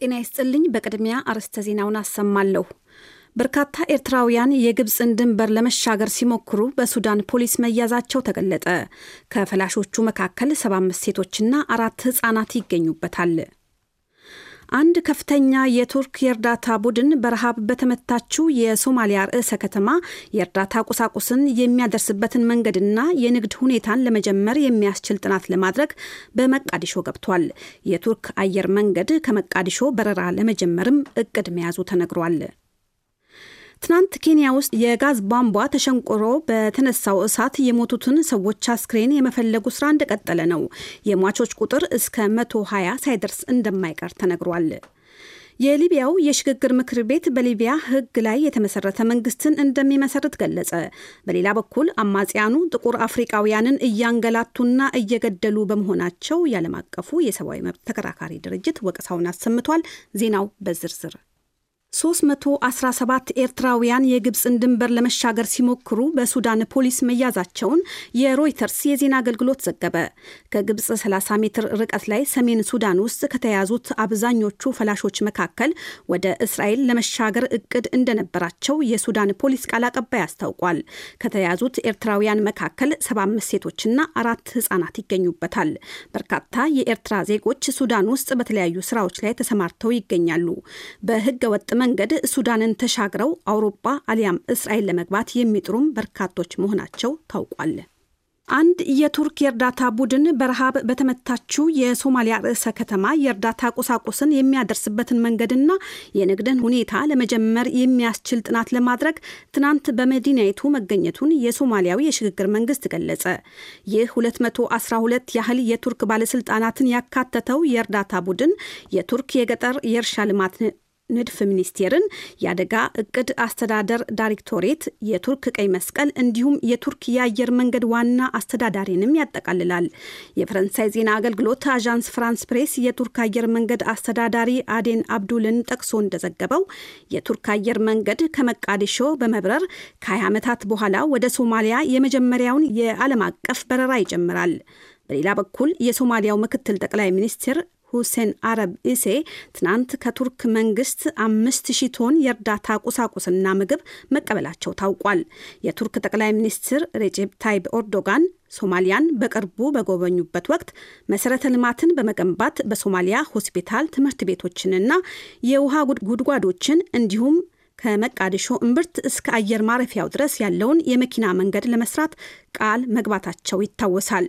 ጤና ይስጥልኝ። በቅድሚያ አርዕስተ ዜናውን አሰማለሁ። በርካታ ኤርትራውያን የግብፅን ድንበር ለመሻገር ሲሞክሩ በሱዳን ፖሊስ መያዛቸው ተገለጠ። ከፈላሾቹ መካከል 75 ሴቶችና አራት ሕፃናት ይገኙበታል። አንድ ከፍተኛ የቱርክ የእርዳታ ቡድን በረሃብ በተመታችው የሶማሊያ ርዕሰ ከተማ የእርዳታ ቁሳቁስን የሚያደርስበትን መንገድና የንግድ ሁኔታን ለመጀመር የሚያስችል ጥናት ለማድረግ በመቃዲሾ ገብቷል። የቱርክ አየር መንገድ ከመቃዲሾ በረራ ለመጀመርም እቅድ መያዙ ተነግሯል። ትናንት ኬንያ ውስጥ የጋዝ ቧንቧ ተሸንቆሮ በተነሳው እሳት የሞቱትን ሰዎች አስክሬን የመፈለጉ ስራ እንደቀጠለ ነው። የሟቾች ቁጥር እስከ 120 ሳይደርስ እንደማይቀር ተነግሯል። የሊቢያው የሽግግር ምክር ቤት በሊቢያ ሕግ ላይ የተመሰረተ መንግስትን እንደሚመሰርት ገለጸ። በሌላ በኩል አማጽያኑ ጥቁር አፍሪቃውያንን እያንገላቱና እየገደሉ በመሆናቸው ያለም አቀፉ የሰብአዊ መብት ተከራካሪ ድርጅት ወቀሳውን አሰምቷል። ዜናው በዝርዝር 317 ኤርትራውያን የግብፅን ድንበር ለመሻገር ሲሞክሩ በሱዳን ፖሊስ መያዛቸውን የሮይተርስ የዜና አገልግሎት ዘገበ። ከግብፅ 30 ሜትር ርቀት ላይ ሰሜን ሱዳን ውስጥ ከተያዙት አብዛኞቹ ፈላሾች መካከል ወደ እስራኤል ለመሻገር እቅድ እንደነበራቸው የሱዳን ፖሊስ ቃል አቀባይ አስታውቋል። ከተያዙት ኤርትራውያን መካከል 75 ሴቶችና አራት ህጻናት ይገኙበታል። በርካታ የኤርትራ ዜጎች ሱዳን ውስጥ በተለያዩ ስራዎች ላይ ተሰማርተው ይገኛሉ። በህገ ወጥ መንገድ ሱዳንን ተሻግረው አውሮፓ አሊያም እስራኤል ለመግባት የሚጥሩም በርካቶች መሆናቸው ታውቋል። አንድ የቱርክ የእርዳታ ቡድን በረሃብ በተመታችው የሶማሊያ ርዕሰ ከተማ የእርዳታ ቁሳቁስን የሚያደርስበትን መንገድና የንግድን ሁኔታ ለመጀመር የሚያስችል ጥናት ለማድረግ ትናንት በመዲናይቱ መገኘቱን የሶማሊያዊ የሽግግር መንግስት ገለጸ። ይህ 212 ያህል የቱርክ ባለስልጣናትን ያካተተው የእርዳታ ቡድን የቱርክ የገጠር የእርሻ ልማት ንድፍ ሚኒስቴርን የአደጋ እቅድ አስተዳደር ዳይሬክቶሬት፣ የቱርክ ቀይ መስቀል እንዲሁም የቱርክ የአየር መንገድ ዋና አስተዳዳሪንም ያጠቃልላል። የፈረንሳይ ዜና አገልግሎት አዣንስ ፍራንስ ፕሬስ የቱርክ አየር መንገድ አስተዳዳሪ አዴን አብዱልን ጠቅሶ እንደዘገበው የቱርክ አየር መንገድ ከመቃዲሾ በመብረር ከ20 ዓመታት በኋላ ወደ ሶማሊያ የመጀመሪያውን የዓለም አቀፍ በረራ ይጀምራል። በሌላ በኩል የሶማሊያው ምክትል ጠቅላይ ሚኒስትር ሁሴን አረብ እሴ ትናንት ከቱርክ መንግስት አምስት ሺህ ቶን የእርዳታ ቁሳቁስና ምግብ መቀበላቸው ታውቋል። የቱርክ ጠቅላይ ሚኒስትር ሬጀብ ታይብ ኤርዶጋን ሶማሊያን በቅርቡ በጎበኙበት ወቅት መሰረተ ልማትን በመገንባት በሶማሊያ ሆስፒታል፣ ትምህርት ቤቶችንና የውሃ ጉድጓዶችን እንዲሁም ከመቃዲሾ እምብርት እስከ አየር ማረፊያው ድረስ ያለውን የመኪና መንገድ ለመስራት ቃል መግባታቸው ይታወሳል።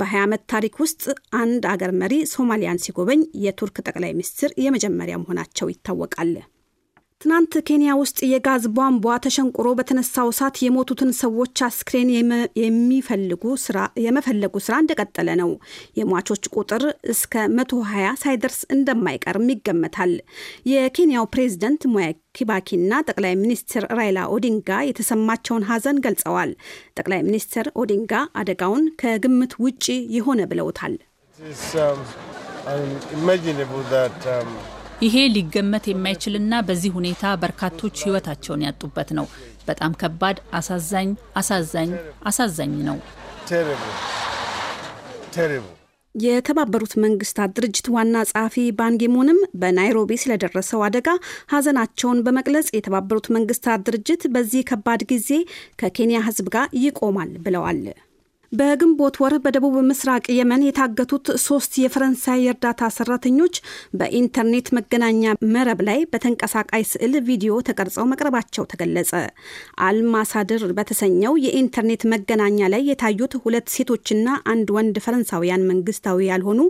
በ20 ዓመት ታሪክ ውስጥ አንድ አገር መሪ ሶማሊያን ሲጎበኝ የቱርክ ጠቅላይ ሚኒስትር የመጀመሪያ መሆናቸው ይታወቃል። ትናንት ኬንያ ውስጥ የጋዝ ቧንቧ ተሸንቁሮ በተነሳው እሳት የሞቱትን ሰዎች አስክሬን የሚፈልጉ ስራ የመፈለጉ ስራ እንደቀጠለ ነው። የሟቾች ቁጥር እስከ 120 ሳይደርስ እንደማይቀርም ይገመታል። የኬንያው ፕሬዝደንት ኪባኪ ኪባኪና ጠቅላይ ሚኒስትር ራይላ ኦዲንጋ የተሰማቸውን ሀዘን ገልጸዋል። ጠቅላይ ሚኒስትር ኦዲንጋ አደጋውን ከግምት ውጪ የሆነ ብለውታል። ይሄ ሊገመት የማይችልና በዚህ ሁኔታ በርካቶች ህይወታቸውን ያጡበት ነው። በጣም ከባድ፣ አሳዛኝ፣ አሳዛኝ፣ አሳዛኝ ነው። የተባበሩት መንግስታት ድርጅት ዋና ጸሐፊ ባንኪሙንም በናይሮቢ ስለደረሰው አደጋ ሀዘናቸውን በመግለጽ የተባበሩት መንግስታት ድርጅት በዚህ ከባድ ጊዜ ከኬንያ ህዝብ ጋር ይቆማል ብለዋል። በግንቦት ወር በደቡብ ምስራቅ የመን የታገቱት ሶስት የፈረንሳይ የእርዳታ ሰራተኞች በኢንተርኔት መገናኛ መረብ ላይ በተንቀሳቃሽ ስዕል ቪዲዮ ተቀርጸው መቅረባቸው ተገለጸ። አልማሳድር በተሰኘው የኢንተርኔት መገናኛ ላይ የታዩት ሁለት ሴቶችና አንድ ወንድ ፈረንሳውያን መንግስታዊ ያልሆኑ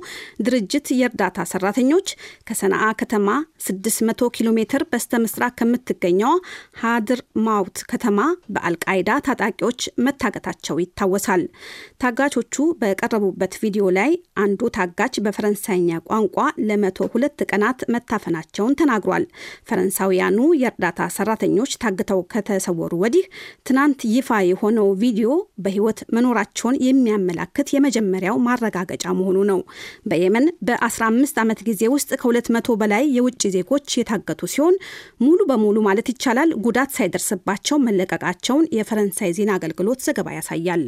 ድርጅት የእርዳታ ሰራተኞች ከሰነአ ከተማ 600 ኪሎ ሜትር በስተ ምስራቅ ከምትገኘው ሃድር ማውት ከተማ በአልቃይዳ ታጣቂዎች መታገታቸው ይታወሳል። ታጋቾቹ በቀረቡበት ቪዲዮ ላይ አንዱ ታጋች በፈረንሳይኛ ቋንቋ ለመቶ ሁለት ቀናት መታፈናቸውን ተናግሯል። ፈረንሳውያኑ የእርዳታ ሰራተኞች ታግተው ከተሰወሩ ወዲህ ትናንት ይፋ የሆነው ቪዲዮ በሕይወት መኖራቸውን የሚያመላክት የመጀመሪያው ማረጋገጫ መሆኑ ነው። በየመን በ15 ዓመት ጊዜ ውስጥ ከ200 በላይ የውጭ ዜጎች የታገቱ ሲሆን ሙሉ በሙሉ ማለት ይቻላል ጉዳት ሳይደርስባቸው መለቀቃቸውን የፈረንሳይ ዜና አገልግሎት ዘገባ ያሳያል።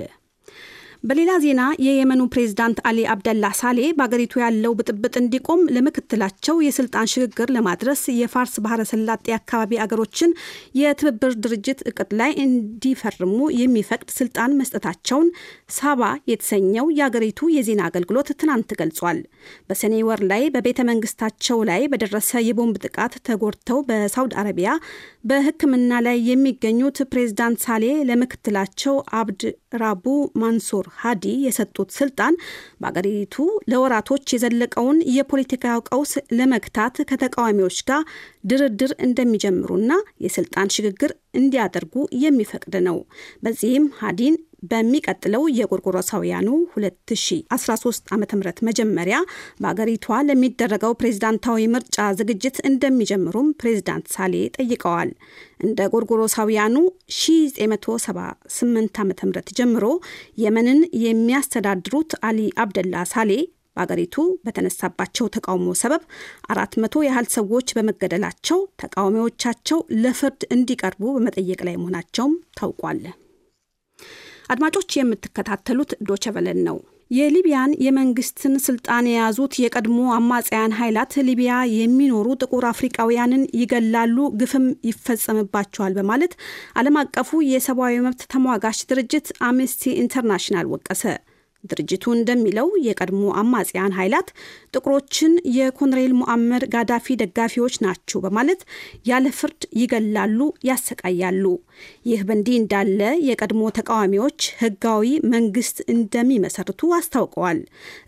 በሌላ ዜና የየመኑ ፕሬዝዳንት አሊ አብደላ ሳሌ በአገሪቱ ያለው ብጥብጥ እንዲቆም ለምክትላቸው የስልጣን ሽግግር ለማድረስ የፋርስ ባህረ ሰላጤ አካባቢ አገሮችን የትብብር ድርጅት እቅድ ላይ እንዲፈርሙ የሚፈቅድ ስልጣን መስጠታቸውን ሳባ የተሰኘው የአገሪቱ የዜና አገልግሎት ትናንት ገልጿል። በሰኔ ወር ላይ በቤተ መንግስታቸው ላይ በደረሰ የቦምብ ጥቃት ተጎድተው በሳውዲ አረቢያ በሕክምና ላይ የሚገኙት ፕሬዝዳንት ሳሌ ለምክትላቸው አብድ ራቡ ማንሱር ሃዲ የሰጡት ስልጣን በአገሪቱ ለወራቶች የዘለቀውን የፖለቲካ ቀውስ ለመግታት ከተቃዋሚዎች ጋር ድርድር እንደሚጀምሩና የስልጣን ሽግግር እንዲያደርጉ የሚፈቅድ ነው። በዚህም ሃዲን በሚቀጥለው የጎርጎሮሳውያኑ 2013 ዓ ም መጀመሪያ በአገሪቷ ለሚደረገው ፕሬዝዳንታዊ ምርጫ ዝግጅት እንደሚጀምሩም ፕሬዝዳንት ሳሌ ጠይቀዋል። እንደ ጎርጎሮሳውያኑ 1978 ዓ ም ጀምሮ የመንን የሚያስተዳድሩት አሊ አብደላ ሳሌ በአገሪቱ በተነሳባቸው ተቃውሞ ሰበብ አራት መቶ ያህል ሰዎች በመገደላቸው ተቃዋሚዎቻቸው ለፍርድ እንዲቀርቡ በመጠየቅ ላይ መሆናቸውም ታውቋል። አድማጮች የምትከታተሉት ዶቸቨለን ነው። የሊቢያን የመንግስትን ስልጣን የያዙት የቀድሞ አማጽያን ኃይላት ሊቢያ የሚኖሩ ጥቁር አፍሪቃውያንን ይገላሉ፣ ግፍም ይፈጸምባቸዋል በማለት ዓለም አቀፉ የሰብአዊ መብት ተሟጋች ድርጅት አምነስቲ ኢንተርናሽናል ወቀሰ። ድርጅቱ እንደሚለው የቀድሞ አማጽያን ኃይላት ጥቁሮችን የኮንሬል ሙአምር ጋዳፊ ደጋፊዎች ናቸው በማለት ያለ ፍርድ ይገላሉ፣ ያሰቃያሉ። ይህ በእንዲህ እንዳለ የቀድሞ ተቃዋሚዎች ህጋዊ መንግስት እንደሚመሰርቱ አስታውቀዋል።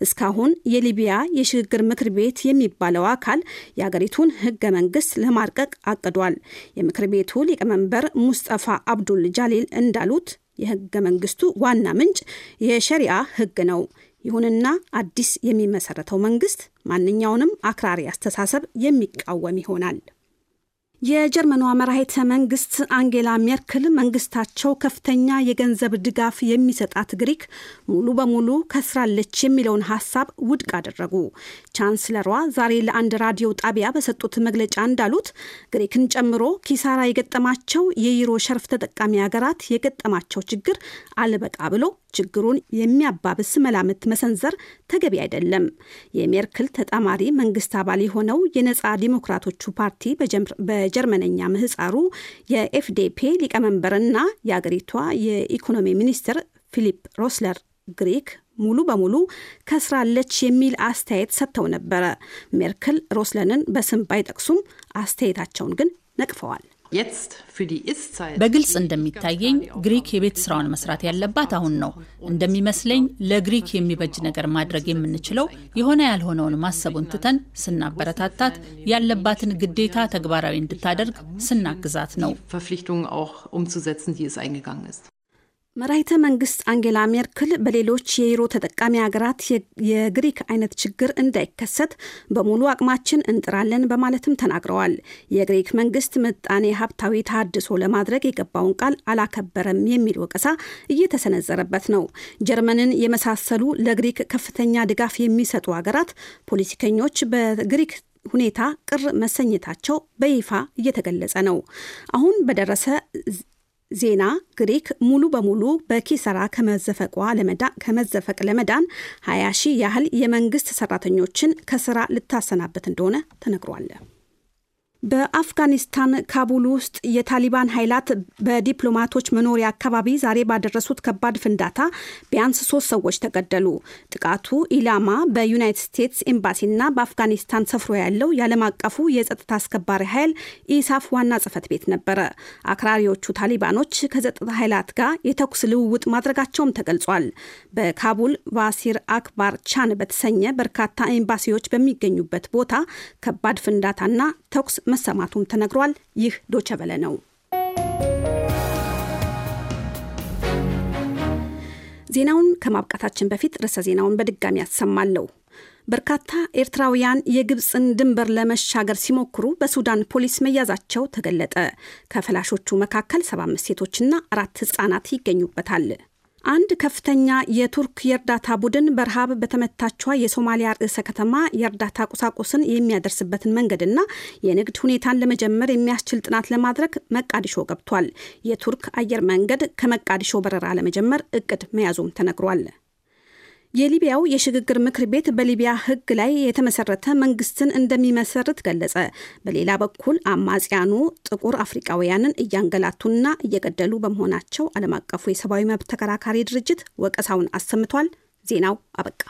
እስካሁን የሊቢያ የሽግግር ምክር ቤት የሚባለው አካል የአገሪቱን ህገ መንግስት ለማርቀቅ አቅዷል። የምክር ቤቱ ሊቀመንበር ሙስጠፋ አብዱል ጃሊል እንዳሉት የህገ መንግስቱ ዋና ምንጭ የሸሪአ ህግ ነው። ይሁንና አዲስ የሚመሰረተው መንግስት ማንኛውንም አክራሪ አስተሳሰብ የሚቃወም ይሆናል። የጀርመኗ መራሄተ መንግስት አንጌላ ሜርክል መንግስታቸው ከፍተኛ የገንዘብ ድጋፍ የሚሰጣት ግሪክ ሙሉ በሙሉ ከስራለች የሚለውን ሀሳብ ውድቅ አደረጉ። ቻንስለሯ ዛሬ ለአንድ ራዲዮ ጣቢያ በሰጡት መግለጫ እንዳሉት ግሪክን ጨምሮ ኪሳራ የገጠማቸው የዩሮ ሸርፍ ተጠቃሚ ሀገራት የገጠማቸው ችግር አልበቃ ብሎ ችግሩን የሚያባብስ መላምት መሰንዘር ተገቢ አይደለም። የሜርክል ተጣማሪ መንግስት አባል የሆነው የነፃ ዲሞክራቶቹ ፓርቲ በጀርመነኛ ምህፃሩ የኤፍዴፔ ሊቀመንበርና የአገሪቷ የኢኮኖሚ ሚኒስትር ፊሊፕ ሮስለር ግሪክ ሙሉ በሙሉ ከስራለች የሚል አስተያየት ሰጥተው ነበረ። ሜርክል ሮስለንን በስም ባይጠቅሱም አስተያየታቸውን ግን ነቅፈዋል። በግልጽ እንደሚታየኝ ግሪክ የቤት ስራውን መስራት ያለባት አሁን ነው። እንደሚመስለኝ ለግሪክ የሚበጅ ነገር ማድረግ የምንችለው የሆነ ያልሆነውን ማሰቡን ትተን ስናበረታታት፣ ያለባትን ግዴታ ተግባራዊ እንድታደርግ ስናግዛት ነው። መራይተ መንግስት አንጌላ ሜርክል በሌሎች የዩሮ ተጠቃሚ ሀገራት የግሪክ አይነት ችግር እንዳይከሰት በሙሉ አቅማችን እንጥራለን በማለትም ተናግረዋል። የግሪክ መንግስት ምጣኔ ሀብታዊ ታድሶ ለማድረግ የገባውን ቃል አላከበረም የሚል ወቀሳ እየተሰነዘረበት ነው። ጀርመንን የመሳሰሉ ለግሪክ ከፍተኛ ድጋፍ የሚሰጡ ሀገራት ፖለቲከኞች በግሪክ ሁኔታ ቅር መሰኘታቸው በይፋ እየተገለጸ ነው። አሁን በደረሰ ዜና ግሪክ ሙሉ በሙሉ በኪሰራ ከመዘፈቋ ከመዘፈቅ ለመዳን 20 ሺህ ያህል የመንግስት ሰራተኞችን ከስራ ልታሰናበት እንደሆነ ተነግሯል። በአፍጋኒስታን ካቡል ውስጥ የታሊባን ኃይላት በዲፕሎማቶች መኖሪያ አካባቢ ዛሬ ባደረሱት ከባድ ፍንዳታ ቢያንስ ሶስት ሰዎች ተገደሉ። ጥቃቱ ኢላማ በዩናይትድ ስቴትስ ኤምባሲና በአፍጋኒስታን ሰፍሮ ያለው የዓለም አቀፉ የጸጥታ አስከባሪ ኃይል ኢሳፍ ዋና ጽህፈት ቤት ነበረ። አክራሪዎቹ ታሊባኖች ከጸጥታ ኃይላት ጋር የተኩስ ልውውጥ ማድረጋቸውም ተገልጿል። በካቡል ባሲር አክባር ቻን በተሰኘ በርካታ ኤምባሲዎች በሚገኙበት ቦታ ከባድ ፍንዳታና ተኩስ መሰማቱም ተነግሯል። ይህ ዶቸበለ ነው። ዜናውን ከማብቃታችን በፊት ርዕሰ ዜናውን በድጋሚ ያሰማለሁ። በርካታ ኤርትራውያን የግብፅን ድንበር ለመሻገር ሲሞክሩ በሱዳን ፖሊስ መያዛቸው ተገለጠ። ከፈላሾቹ መካከል 75 ሴቶችና አራት ህፃናት ይገኙበታል። አንድ ከፍተኛ የቱርክ የእርዳታ ቡድን በረሃብ በተመታቿ የሶማሊያ ርዕሰ ከተማ የእርዳታ ቁሳቁስን የሚያደርስበትን መንገድና የንግድ ሁኔታን ለመጀመር የሚያስችል ጥናት ለማድረግ መቃዲሾ ገብቷል። የቱርክ አየር መንገድ ከመቃዲሾ በረራ ለመጀመር እቅድ መያዙም ተነግሯል። የሊቢያው የሽግግር ምክር ቤት በሊቢያ ህግ ላይ የተመሰረተ መንግስትን እንደሚመሰርት ገለጸ። በሌላ በኩል አማጽያኑ ጥቁር አፍሪቃውያንን እያንገላቱና እየገደሉ በመሆናቸው ዓለም አቀፉ የሰብአዊ መብት ተከራካሪ ድርጅት ወቀሳውን አሰምቷል። ዜናው አበቃ።